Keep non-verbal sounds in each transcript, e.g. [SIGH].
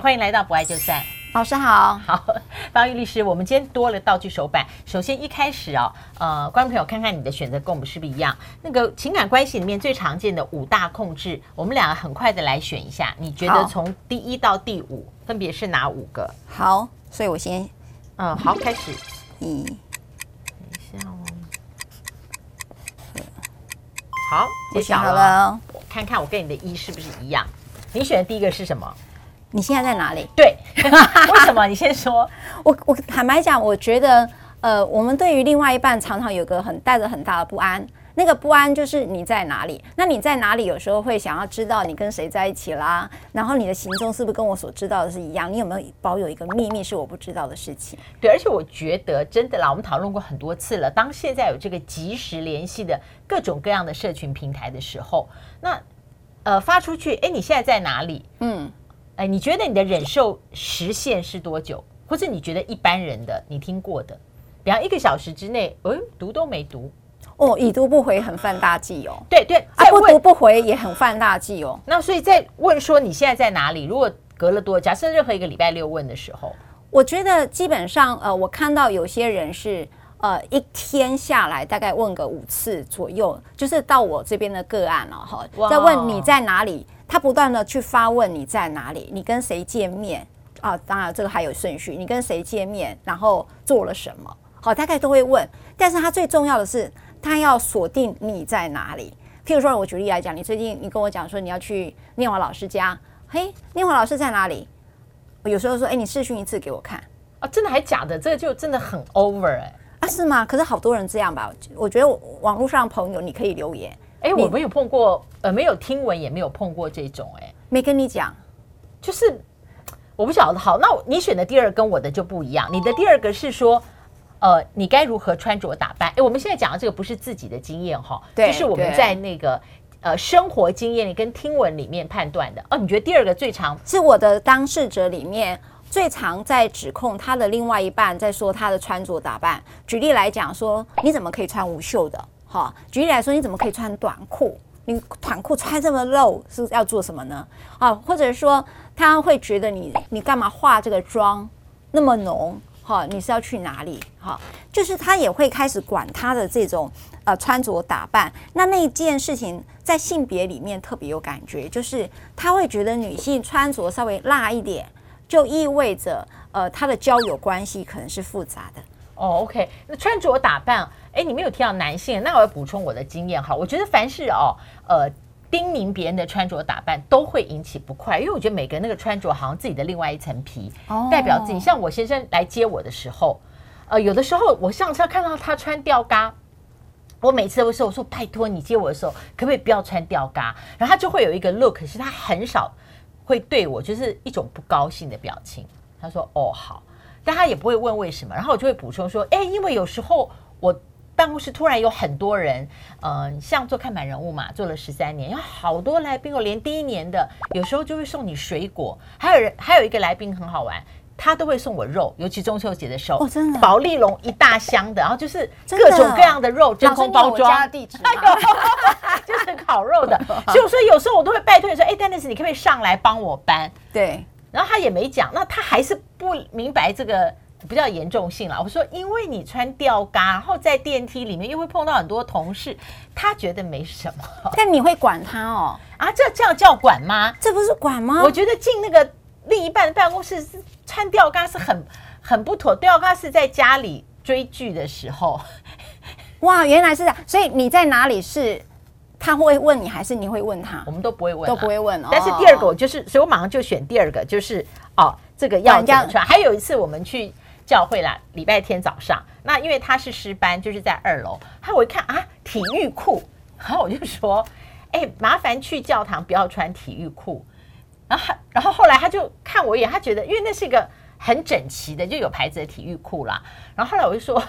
歡迎來到不愛就散，老師好。好，芳玉律師，我們今天多了道具手板。首先一開始哦，呃，觀眾朋友看看你的選擇跟我們是不是一樣？那個情感關係裡面最常見的五大控制，我們兩個很快的來選一下。你覺得從第一到第五好分別是哪五個？好，所以我先，嗯，好，開始。一以，等一下哦。四好，接下來我選好了。我看看我跟你的一是不是一樣？你選的第一個是什麼？你現在在哪裡？對， [LAUGHS] 為什麼？你先說。 [LAUGHS] 我我坦白講，我覺得，呃，我們對於另外一半常常有個很帶着很大的不安。那個不安就是你在哪裡？那你在哪裡？有時候會想要知道你跟誰在一起啦、啊，然後你的行蹤是不是跟我所知道的是一樣？你有沒有保有一個秘密是我不知道的事情？對，而且我覺得真的，啦，我們討論過很多次了。當現在有這個即時聯繫的各種各樣的社群平台的時候，那呃發出去，哎、欸，你現在在哪裡？嗯。哎，你覺得你的忍受時限是多久？或者你覺得一般人的，你聽過的，比方一個小時之內，哎，讀都沒讀，哦，已讀不回很犯大忌哦。對 [LAUGHS] 對，哎、啊，不讀不回也很犯大忌哦。 [LAUGHS] 那所以再問說，你現在在哪裡？如果隔了多久，假設任何一個禮拜六問的時候，我覺得基本上，呃，我看到有些人是，呃，一天下來大概問個五次左右，就是到我這邊的個案了、哦、哈。再哇問你在哪裡？他不斷的去發問，你在哪裡，你跟誰見面啊？當然這個還有順序，你跟誰見面，然後做了什麼？好、啊，大概都會問。但是他最重要的是，他要鎖定你在哪裡。譬如說，我舉例來講，你最近你跟我講說你要去念華老師家，嘿，念華老師在哪裡？我有時候說，誒、欸，你視訊一次給我看啊？真的還假的？這個就真的很 over 哎、欸。啊，是嗎？可是好多人這樣吧？我覺得我網絡上朋友你可以留言。哎，我沒有碰過，你呃，沒有聽聞，也沒有碰過這種，哎，沒跟你講，就是我不曉得。好，那你選的第二個跟我的就不一樣，你的第二個是說，呃，你該如何穿着打扮？哎，我們現在講的這個不是自己的經驗哈，對，就是我們在那個對呃生活經驗裡跟聽聞裡面判斷的。哦、呃，你覺得第二個最常是我的當事者裡面最常在指控他的另外一半在說他的穿着打扮。舉例來講說，說你怎麼可以穿無袖的？好、哦，舉例來說，你怎麼可以穿短褲？你短褲穿這麼露，是要做什麼呢？啊，或者說他會覺得你你幹嘛化這個妝那麼濃？哈、啊，你是要去哪裡？哈、啊，就是他也會開始管他的這種呃穿着打扮。那那一件事情在性別裡面特別有感覺，就是他會覺得女性穿着稍微辣一點，就意味着呃他的交友關係可能是複雜的。哦、oh,，OK，那穿着打扮。哎，你沒有提到男性。那我要補充我的經驗哈，我覺得凡是哦，呃，叮嚀別人的穿着打扮都會引起不快，因為我覺得每個人那個穿着好像自己的另外一層皮，Oh. 代表自己。像我先生來接我的時候，呃，有的時候我上車看到他穿吊嘎，我每次都會說：“我說拜托你接我的時候，可不可以不要穿吊嘎？”然後他就會有一個 look，是他很少會對我就是一種不高興的表情。他說：“哦，好。”但他也不會問為什麼。然後我就會補充說：“哎，因為有時候我。”辦公室突然有很多人，嗯、呃，像做看板人物嘛，做了十三年，有好多來賓哦，我連第一年的有時候就會送你水果，還有人還有一個來賓很好玩，他都會送我肉，尤其中秋節的時候，哦、真的，保利隆一大箱的，然後就是各種各樣的肉真空包裝，真的有的地址，還有 [LAUGHS] 就是烤肉的， [LAUGHS] 所以我說有時候我都會拜托你說，哎、欸、，Dennis，你可不可以上來幫我搬？對，然後他也沒講，那他還是不明白這個。不叫嚴重性了，我說，因為你穿吊嘎，然後在電梯裡面又會碰到很多同事，他覺得沒什麼，但你會管他哦？啊，這叫叫管嗎？這不是管嗎？我覺得進那個另一半的辦公室是穿吊嘎是很很不妥，吊嘎是在家裡追劇的時候。哇，原來是這樣，所以你在哪裡是他會問你，還是你會問他？我們都不會問，都不會問。哦、但是第二個我就是，所以我馬上就選第二個，就是哦，這個要這樣穿。家還有一次我們去。教會啦，禮拜天早上，那因為他是詩班，就是在二樓。他我一看啊，體育褲，然後我就說，哎，麻煩去教堂不要穿體育褲。然後，然後後來他就看我一眼，他覺得因為那是一個很整齊的，就有牌子的體育褲啦。然後後來我就說，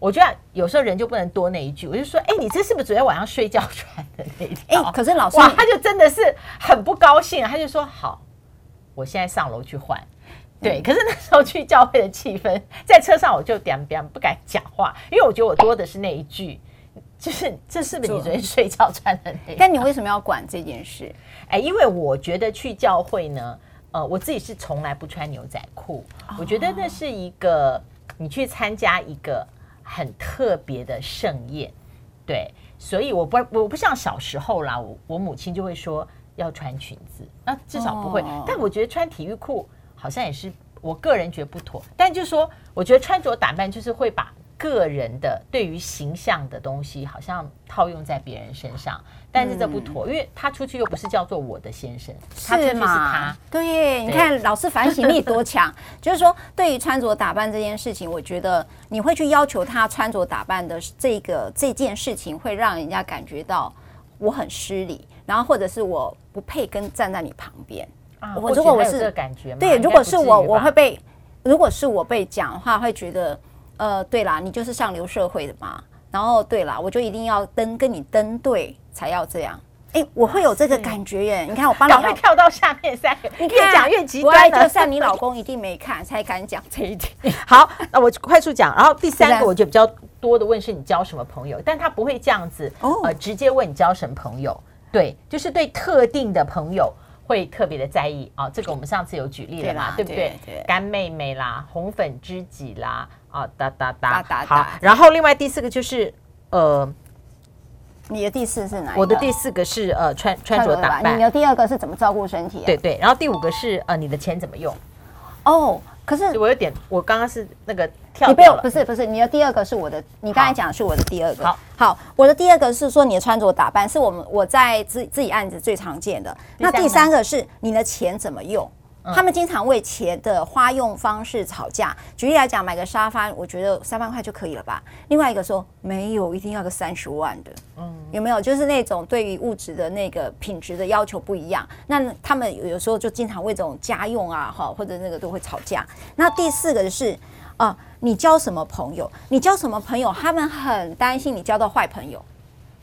我覺得、啊、有時候人就不能多那一句，我就說，哎，你這是不是昨天晚上睡覺穿的那一條？哎，可是老師，他就真的是很不高興，他就說，好，我現在上樓去換。對，可是那時候去教會的氣氛，在車上我就點 i 不敢講話，因為我覺得我多的是那一句，就是這是不是你昨天睡覺穿的那？但你為什麼要管這件事？哎，因為我覺得去教會呢，呃，我自己是從來不穿牛仔褲，oh. 我覺得那是一個你去參加一個很特別的盛宴，對，所以我不我不像小時候啦我，我母親就會說要穿裙子，那至少不會，oh. 但我覺得穿體育褲。好像也是，我個人覺得不妥。但就是說，我覺得穿着打扮就是會把個人的對於形象的東西，好像套用在別人身上，但是這不妥，嗯、因為他出去又不是叫做我的先生，嗎他真的是他。對，對你看，老師反省力多強。 [LAUGHS] 就是說，對於穿着打扮這件事情，我覺得你會去要求他穿着打扮的這個這件事情，會讓人家感覺到我很失禮，然後或者是我不配跟站在你旁邊。啊！我如果我是感覺對，如果是我，我會被如果是我被講的話，會覺得呃，對啦，你就是上流社會的嘛。然後對啦，我就一定要登跟你登對才要這樣。哎，我會有這個感覺耶！哇塞。你看我幫你會 [LAUGHS] 跳到下面三個，你越講、啊、越極端，就算你老公一定沒看，才敢講這一點。 [LAUGHS] 好，那我快速講。然後第三個，我就比較多的問是你交什麼朋友，但他不會這樣子哦、呃，直接問你交什麼朋友。對，就是對特定的朋友。會特別的在意啊，哦，這個我們上次有舉例了嘛，對，啦 對不對？乾對對 妹妹啦，紅粉知己啦，啊，哦，噠噠噠。打打打好，然後另外第四個就是呃，你的第四是哪一個？我的第四個是呃穿穿着的打扮。你的第二個是怎麼照顧身體？啊？對對。然後第五個是呃，你的錢怎麼用？哦。可是我有點，我剛剛是那個跳，你不要，不是不是，你的第二個是我的，你剛才講的是我的第二個，好，好，好，我的第二個是說你的穿着打扮是我們我在自自己案子最常見的，第那第三個是你的錢怎麼用。他們經常為錢的花用方式吵架。舉例來講，買個沙發，我覺得三萬塊就可以了吧。另外一個說沒有，一定要個三十萬的。嗯，有沒有就是那種對於物質的那個品質的要求不一樣？那他們有時候就經常為這種家用啊，哈或者那個都會吵架。那第四個是啊、呃，你交什麼朋友？你交什麼朋友？他們很擔心你交到壞朋友。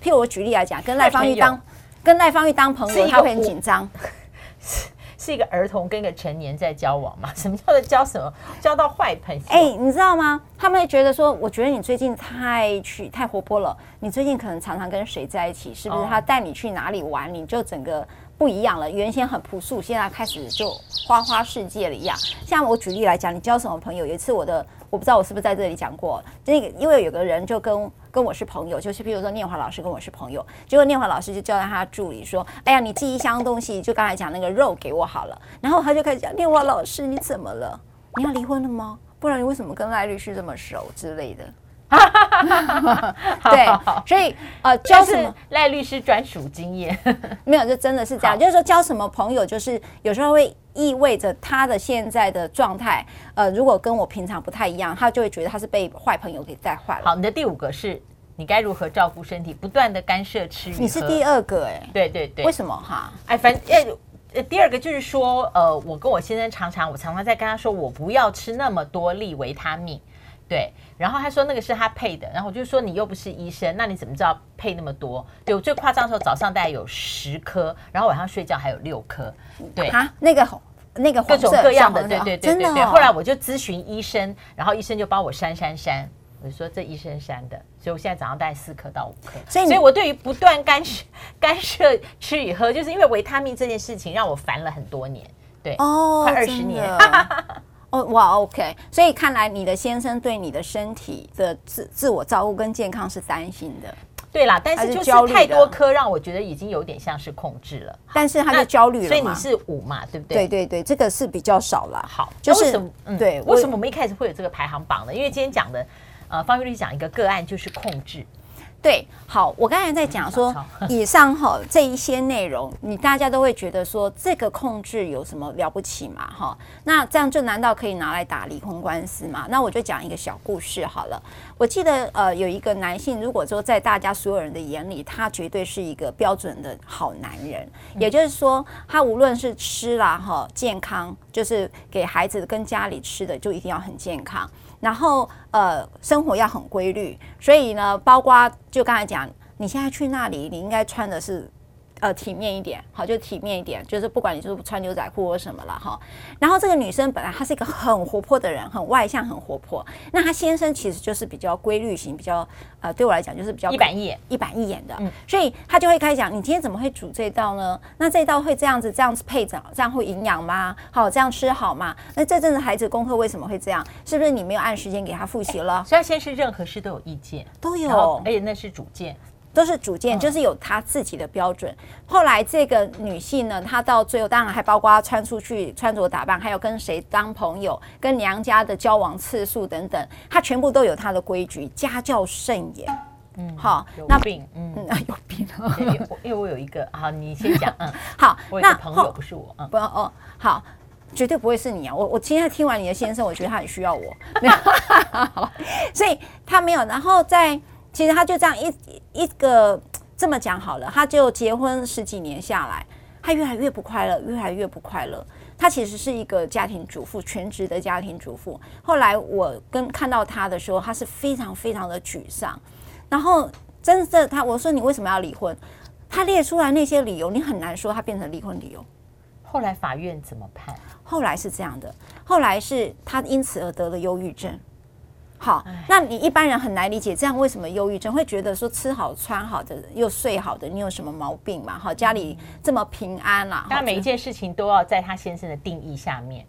譬如我舉例來講，跟賴芳玉當跟賴方玉賴芳玉當朋友，他會很緊張。 [LAUGHS] 是一個兒童跟一個成年在交往嗎？什麼叫做交什麼？交到壞朋友？哎，欸，你知道嗎？他們會覺得說，我覺得你最近太去太活潑了，你最近可能常常跟誰在一起？是不是他帶你去哪裡玩？哦，你就整個。不一樣了，原先很樸素，現在開始就花花世界了一樣。像我舉例來講，你交什麼朋友？有一次我的，我不知道我是不是在這裡講過，那、這個因為有個人就跟跟我是朋友，就是比如說念華老師跟我是朋友，結果念華老師就叫他助理說：“哎呀，你寄一箱東西，就剛才講那個肉給我好了。”然後他就開始講：“念華老師，你怎麼了？你要離婚了嗎？不然你為什麼跟賴律師這麼熟之類的？”哈哈哈！哈哈，對，好好好所以呃，交什麼，就是賴律師專屬經驗 [LAUGHS] 沒有？就真的是這樣，好就是說交什麼朋友，就是有時候會意味着他的現在的狀態，呃，如果跟我平常不太一樣，他就會覺得他是被壞朋友給帶壞了。好，你的第五個是你該如何照顧身體，不斷的干涉吃。你是第二個哎、欸，對對對，為什麼哈哎？哎，反、呃、哎，第二個就是說，呃，我跟我先生常常，我常常在跟他說，我不要吃那麼多粒維他命。對，然後他說那個是他配的，然後我就說你又不是醫生，那你怎麼知道配那麼多？對，我最誇張的時候，早上大概有十顆，然後晚上睡覺還有六顆。對哈，那個那個各種各樣的，對對對對、哦、對。後來我就諮詢醫生，然後醫生就幫我刪刪刪。我就說這醫生刪的，所以我現在早上大概四顆到五顆。所以，所以我對於不斷干涉干涉吃與喝，就是因為維他命這件事情讓我煩了很多年，對，哦，快二十年。的 [LAUGHS] 哇，OK，所以看來你的先生對你的身體的自自我照顧跟健康是擔心的。對啦，但是就是太多苛讓我覺得已經有點像是控制了。但是他就焦慮了，所以你是五嘛，對不對？對對對，這個是比較少了。好，就是嗯，對？我為什麼我們一開始會有這個排行榜呢？因為今天講的，呃，芳玉律師講一個個案就是控制。對，好，我剛才在講說，以上哈、哦、這一些內容，你大家都會覺得說，這個控制有什麼了不起嘛？哈，那這樣就難道可以拿來打離婚官司嗎？那我就講一個小故事好了。我記得呃，有一個男性，如果說在大家所有人的眼裡，他絕對是一個標準的好男人，也就是說，他無論是吃啦哈、哦，健康，就是給孩子跟家裡吃的，就一定要很健康。然後，呃，生活要很規律，所以呢，包括就剛才講，你現在去那裡，你應該穿的是。呃，體面一點，好，就體面一點，就是不管你就是穿牛仔褲或什麼了哈、哦。然後這個女生本來她是一個很活潑的人，很外向，很活潑。那她先生其實就是比較規律型，比較呃，對我來講就是比較一板一眼、一板一眼的。嗯，所以他就會開始講，你今天怎麼會煮這道呢？那這道會這樣子、這樣子配着，這樣會營養嗎？好，這樣吃好嗎？那這陣子孩子功課為什麼會這樣？是不是你沒有按時間給他復習了？雖然先生任何事都有意見，都有，而且、哎、那是主見。都是主見，就是有他自己的標準。後來這個女性呢，她到最後當然還包括穿出去，穿着打扮，還有跟誰當朋友，跟娘家的交往次數等等，她全部都有她的規矩，家教甚嚴。嗯，好，那餅，嗯，那有餅，因為我有一個，好，你先講，嗯，好，那朋友不是我，不要哦，好，絕對不會是你啊，我我今天聽完你的先生，我覺得他很需要我，好，所以他沒有，然後在，其實他就這樣一。一個這麼講好了，他就結婚十幾年下來，他越來越不快樂，越來越不快樂。他其實是一個家庭主婦，全職的家庭主婦。後來我跟看到他的時候，他是非常非常的沮喪。然後真的，他我說你為什麼要離婚？他列出來那些理由，你很難說他變成離婚理由。後來法院怎麼判？後來是這樣的，後來是他因此而得了憂鬱症。好，那你一般人很難理解，這樣為什麼憂鬱症會覺得說吃好穿好的又睡好的，你有什麼毛病嘛？好，家裡這麼平安啦、啊。但、嗯、每一件事情都要在他先生的定義下面。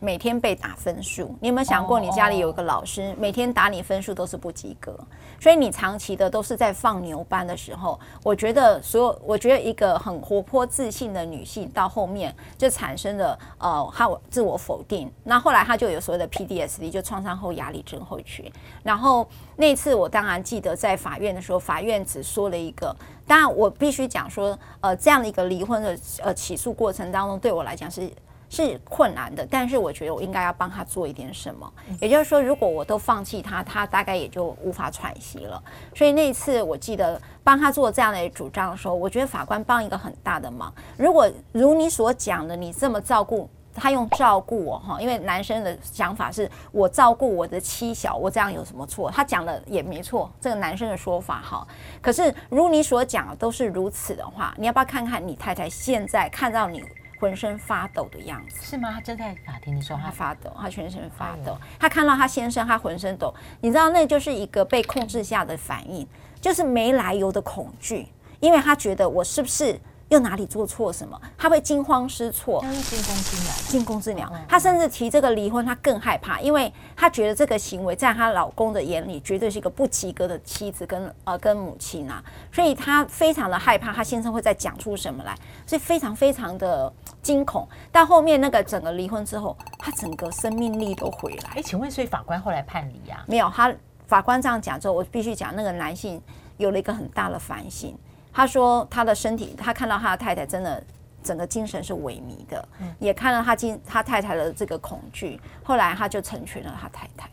每天被打分數，你有沒有想過，你家裡有一個老師，每天打你分數都是不及格，所以你長期的都是在放牛班的時候。我覺得所有，我覺得一個很活潑自信的女性，到後面就產生了呃，自我否定。那後來她就有所謂的 PDSD，就創傷後壓力症候群。然後那次我當然記得在法院的時候，法院只說了一個，當然我必須講說，呃，這樣的一個離婚的呃起訴過程當中，對我來講是。是困難的，但是我覺得我應該要幫他做一點什麼。也就是說，如果我都放棄他，他大概也就無法喘息了。所以那一次我記得幫他做這樣的主張的時候，我覺得法官幫一個很大的忙。如果如你所講的，你這麼照顧他用照顧我哈，因為男生的想法是我照顧我的妻小，我這樣有什麼錯？他講的也沒錯，這個男生的說法哈。可是如你所講的都是如此的話，你要不要看看你太太現在看到你？渾身發抖的樣子是嗎？他正在法庭的時候，他發抖，他全身發抖。他看到他先生，他渾身抖。你知道，那就是一個被控制下的反應，就是沒來由的恐懼，因為他覺得我是不是？又哪裡做錯什麼？他會驚慌失措，驚弓之鳥，驚弓之鳥。嗯、他甚至提這個離婚，他更害怕，因為他覺得這個行為在她老公的眼裡，絕對是一個不及格的妻子跟呃跟母親吶、啊。所以她非常的害怕，她先生會再講出什麼來，所以非常非常的驚恐。但後面那個整個離婚之後，她整個生命力都回來。哎、欸，請問，所以法官後來判離啊？沒有，她法官這樣講之後，我必須講，那個男性有了一個很大的反省。他說他的身體，他看到他的太太真的整個精神是萎靡的，嗯、也看到他今他太太的這個恐懼。後來他就成全了他太太，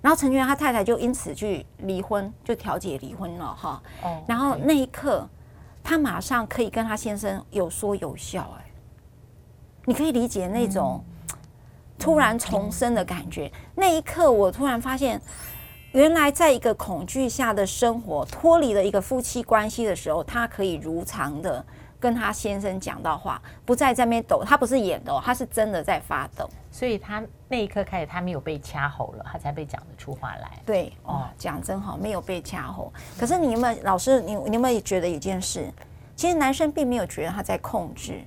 然後成全了他太太就因此去離婚，就調解離婚了哈。Oh, okay。然後那一刻他馬上可以跟他先生有說有笑。欸，哎，你可以理解那種、嗯、突然重生的感覺。嗯、那一刻我突然發現，原來在一個恐懼下的生活，脫離了一個夫妻關係的時候，他可以如常的跟他先生講到話，不再在那邊抖。他不是演的，他是真的在發抖。所以他那一刻開始，他沒有被掐喉了，他才被講得出話來。對哦，講真好，沒有被掐喉。嗯、可是你有沒有老師？你你有沒有也覺得一件事？其實男生並沒有覺得他在控制。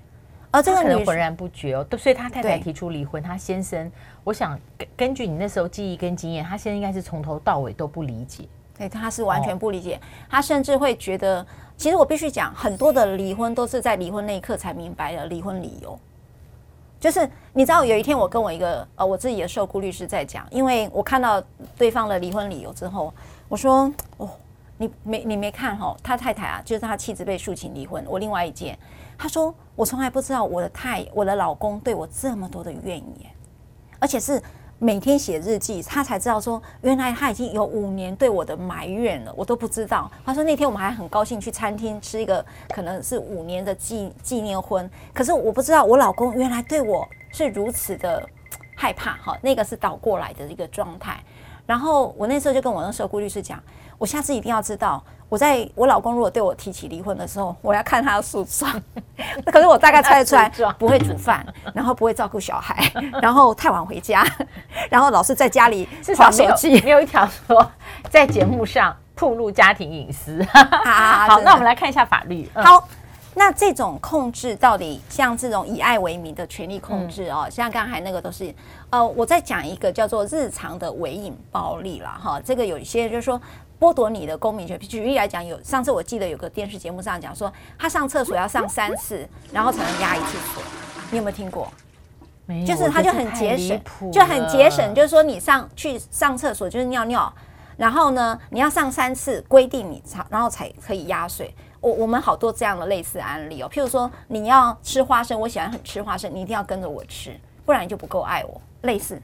啊，這個人渾然不覺哦，都所以他太太提出離婚。對他先生，我想根據你那時候記憶跟經驗，他現在應該是從頭到尾都不理解？對，他是完全不理解，哦、他甚至會覺得，其實我必須講，很多的離婚都是在離婚那一刻才明白了離婚理由，就是你知道，有一天我跟我一個呃、哦、我自己的受雇律師在講，因為我看到對方的離婚理由之後，我說哦。你沒你沒看哈、哦，他太太啊，就是他妻子被訴請離婚。我另外一件，他說我從來不知道我的太我的老公對我這麼多的怨言，而且是每天寫日記，他才知道說原來他已經有五年對我的埋怨了，我都不知道。他說那天我們還很高興去餐廳吃一個可能是五年的紀紀念婚，可是我不知道我老公原來對我是如此的害怕。哈，那個是倒過來的一個狀態。然後我那時候就跟我那時候顧律師講。我下次一定要知道，我在我老公如果對我提起離婚的時候，我要看他的訴狀。可是我大概猜得出來，不會煮飯，然後不會照顧小孩，然後太晚回家，然後老是在家裡耍手機。沒有一條說，在節目上透露家庭隱私、 [LAUGHS] 啊。好，的那我們來看一下法律。嗯、好，那這種控制到底像這種以愛為名的權力控制哦，嗯、像剛才那個都是呃，我在講一個叫做日常的微影暴力了哈。這個有一些就是說。剝奪你的公民權。舉例來講，有上次我記得有個電視節目上講說，他上廁所要上三次，然後才能壓一次水。你有沒有聽過？沒有。就是他就很節省，就很節省，就是說你上去上廁所就是尿尿，然後呢，你要上三次，規定你，然後才可以壓水。我我們好多這樣的類似的案例哦。譬如說，你要吃花生，我喜歡很吃花生，你一定要跟着我吃，不然你就不夠愛我。類似。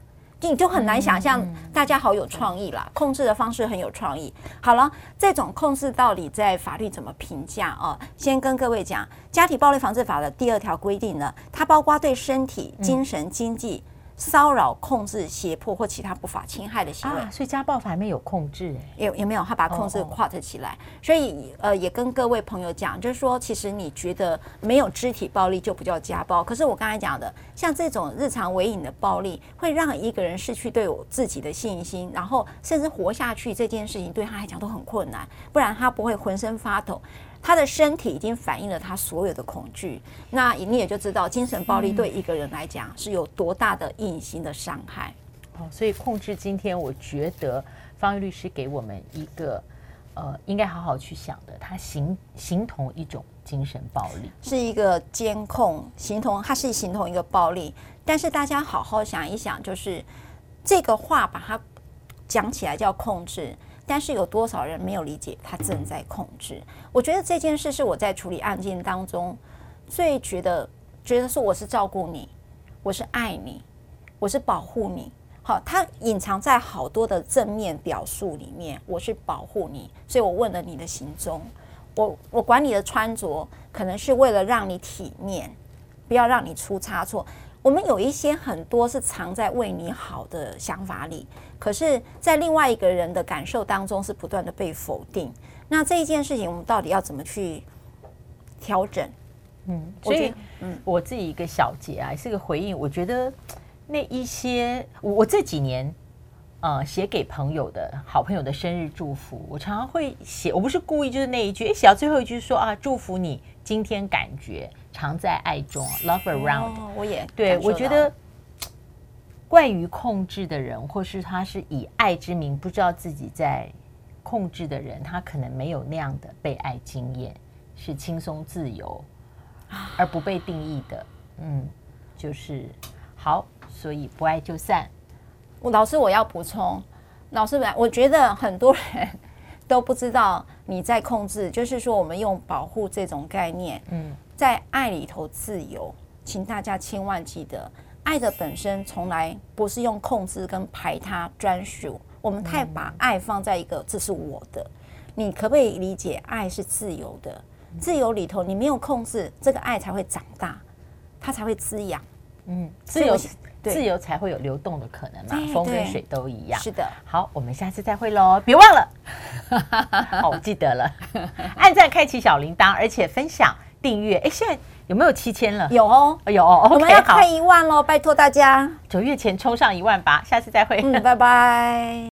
你就很難想象，大家好有創意啦，控制的方式很有創意。好了，這種控制到底在法律怎麼評價啊？先跟各位講《家庭暴力防治法》的第二條規定呢，它包括對身體、精神、經濟。騷擾、控制、脅迫或其他不法侵害的行為啊，所以家暴法還沒有控制耶，有有沒有？他把控制跨着起來，oh. 所以呃，也跟各位朋友講，就是說，其實你覺得沒有肢體暴力就不叫家暴，可是我剛才講的，像這種日常微隱的暴力，會讓一個人失去對我自己的信心，然後甚至活下去這件事情對他來講都很困難，不然他不會渾身發抖。他的身體已經反映了他所有的恐懼，那你也就知道精神暴力對一個人來講是有多大的隱形的傷害。好、嗯哦，所以控制今天，我覺得芳玉律師給我們一個，呃，應該好好去想的，它形形同一種精神暴力，是一個監控，形同它是形同一個暴力。但是大家好好想一想，就是這個話把它講起來叫控制。但是有多少人沒有理解他正在控制？我覺得這件事是我在處理案件當中最覺得覺得說，我是照顧你，我是愛你，我是保護你。好，他隱藏在好多的正面表述裡面。我是保護你，所以我問了你的行蹤。我我管你的穿着，可能是為了讓你體面，不要讓你出差錯。我們有一些很多是藏在為你好的想法裡，可是，在另外一個人的感受當中是不斷的被否定。那這一件事情，我們到底要怎麼去調整？嗯，所以，我覺得，嗯，我自己一個小結啊，是個回應。我覺得那一些，我，我這幾年。呃，寫、嗯、給朋友的好朋友的生日祝福，我常常會寫，我不是故意，就是那一句，寫到最後一句說啊，祝福你今天感覺常在愛中，Love around、哦。我也，對我覺得，慣於控制的人，或是他是以愛之名，不知道自己在控制的人，他可能沒有那樣的被愛經驗，是輕鬆自由，而不被定義的。嗯，就是好，所以不愛就散。老師，我要補充，老師們，我覺得很多人都不知道你在控制，就是說我們用保護這種概念，嗯，在愛裡頭自由，請大家千萬記得，愛的本身從來不是用控制跟排他專屬。我們太把愛放在一個這是我的，你可不可以理解？愛是自由的，自由裡頭你沒有控制，這個愛才會長大，它才會滋養。嗯，自由是是自由才會有流動的可能嘛。風跟水都一樣。是的。好，我們下次再會嘍，別忘了。 [LAUGHS] 好，我記得了。 [LAUGHS] 按贊，開啟小鈴鐺，而且分享、訂閱。哎，現在有沒有七千了？有、哦哦？有哦，有。哦。我們要看一萬嘍，OK, 好拜託大家，九月前衝上一萬八，下次再會，嗯、拜拜。